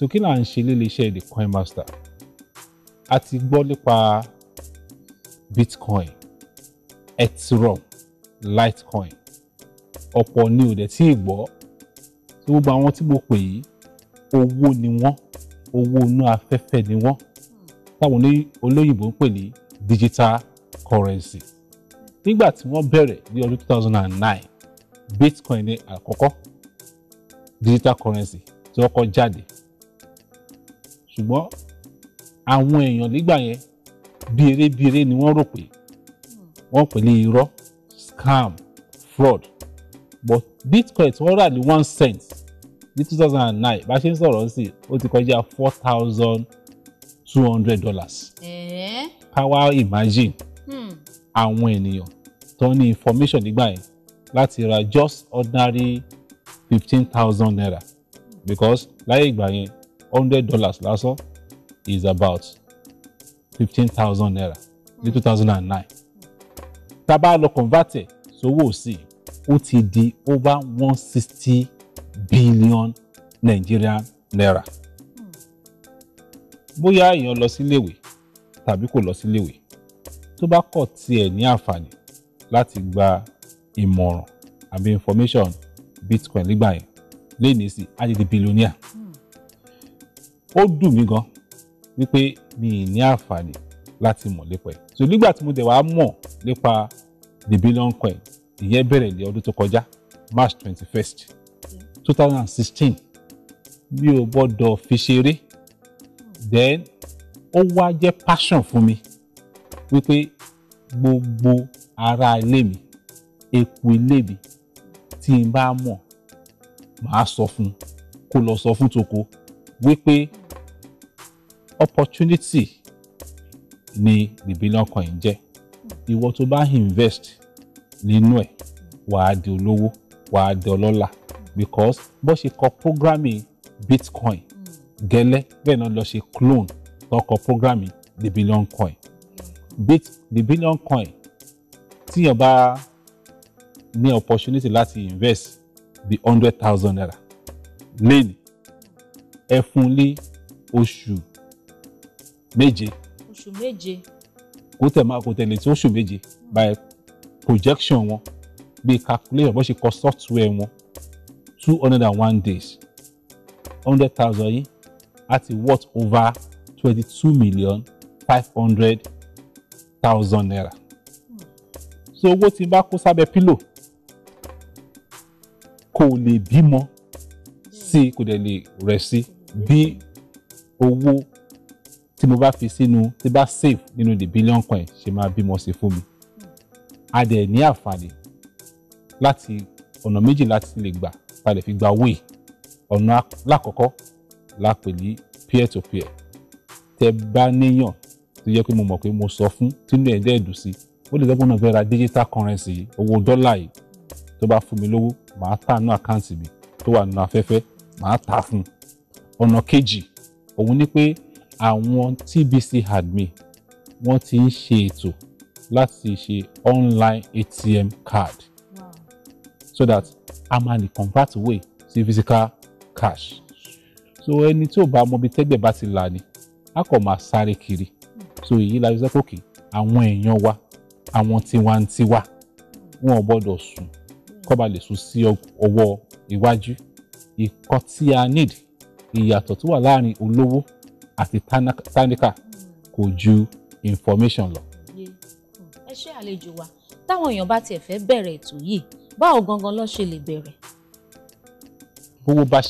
so kí là ń ṣe léleṣẹ́ the coin master a ti gbọ́ nípa bitcoin ethereum litecoin ọ̀pọ̀ ni ò dẹ̀ tí ì gbọ́ tí gbogbo àwọn tí mo pè yìí owó ni wọ́n owó inú afẹ́fẹ́ ni wọ́n táwọn olóyìnbó ń pè ní digital currency nígbà tí wọ́n bẹ̀rẹ̀ ní ọdún 2009 bitcoin ni àkọ́kọ́ digital currency tí wọ́n kọ́ jáde ṣùgbọ́n àwọn èèyàn nígbà yẹn birebire ni wọ́n rò pé wọ́n pè ní irọ́ scam fraud but bitcoin tí wọ́n rà ní one cent ní two thousand and nine bá ṣe ń sọ̀rọ̀ sí ó ti kọjá four thousand two hundred dollars. power imagine hmm. àwọn ènìyàn tó ní information nígbà yẹn láti ra just ordinary fifteen thousand naira because láyé ìgbà yẹn hundred dollars lásán is about fifteen thousand naira ní two thousand and nine tá a bá lọ convert ẹ̀ sówó sí ó ti di over one sixty billion Nigerian naira bóyá èèyàn lọ síléèwé tàbí kò lọ síléèwé tó bá kọ̀ tiẹ̀ ní àǹfààní láti gba ìmọ̀ràn àbí information bitcoin nígbà yẹn lè ní sí á ti di billionaire. Mm ó dùn mí gan wípé mi ì ní àǹfààní láti mọ̀ lépa ẹ̀ so nígbà tí mo dẹ̀ wá mọ̀ lépa the billion coin ìyẹn bẹ̀rẹ̀ ní ọdún tó kọjá march twenty first two thousand and sixteen mi ò gbọ́dọ̀ fi ṣeré then ó wá jẹ́ passion fún mi wípé gbogbo ara ilé mi eku ilé mi tí n bá mọ̀ màá sọ fún kó lọ sọ fún toko wípé opportunity ni the billion coin jẹ. ìwọ tó bá invest nínú ẹ̀ wàá di olówó wàá di ọlọ́lá because bó ṣe kọ programming bitcoin gẹ́lẹ́ bẹ́ẹ̀ náà lọ ṣe clone lọ́kọ̀ programming the billion coin bit the billion coin tíyàn bá ní opportunity láti invest bí hundred thousand naira lẹ́nu ẹ fún oṣù méje oṣù méje kó tẹ̀ máa kó tẹ̀lé tí oṣù méje by projection wọn bí calculation bó ṣe kọ software wọn two hundred and one days hundred thousand yìí àti worth over twenty two million five hundred thousand naira so owó tí n bá kó sábẹ́ pílò kò lè bímọ sí kò dẹ̀ lè rẹ̀ sí bí owó tí mo bá fi sínú tí bá save nínú the billion coin ṣe máa bímọ sí fún mi a dẹ̀ ní àǹfààní láti ọ̀nà méjì láti lè gbà ta lè fi gba wéè ọ̀nà lákọ̀ọ́kọ́ la pè ní peer to peer tẹ bá níyàn tó yẹ pé mo mọ̀ pé mo sọ fún tínú ẹ̀ dẹ́ sí ó lè lọ́gbọ́n náà fẹ́ digital currency yìí owó dọ́là yìí tó bá fún mi lówó màá tà nú àkáǹtì mi tó wà nínú afẹ́fẹ́ màá tà fún ọ̀nà kejì òun ni pé àwọn tbc admin wọ́n ti ń ṣe ètò láti ṣe online atm card so that a máa lè convert way sí physical cash so ẹni tí ò bá mọ ibi tẹ́gbẹ̀ bá ti là ní a kò máa sáré kiri so èyí la fi sẹ́kọ̀ọ́kì àwọn èèyàn wa àwọn tiwantiwa wọn ò gbọ́dọ̀ sùn kó ba lè sùn sí ọwọ́ iwájú ìkọ́ tí a need ìyàtọ̀ tó wà láàrin olówó A táníkà kò ju information lọ. ẹ ṣe àlejò wa táwọn èèyàn bá tiẹ̀ fẹ́ bẹ̀rẹ̀ ètò yìí báwo gangan ló ṣe lè bẹ̀rẹ̀. bówó bá ṣe.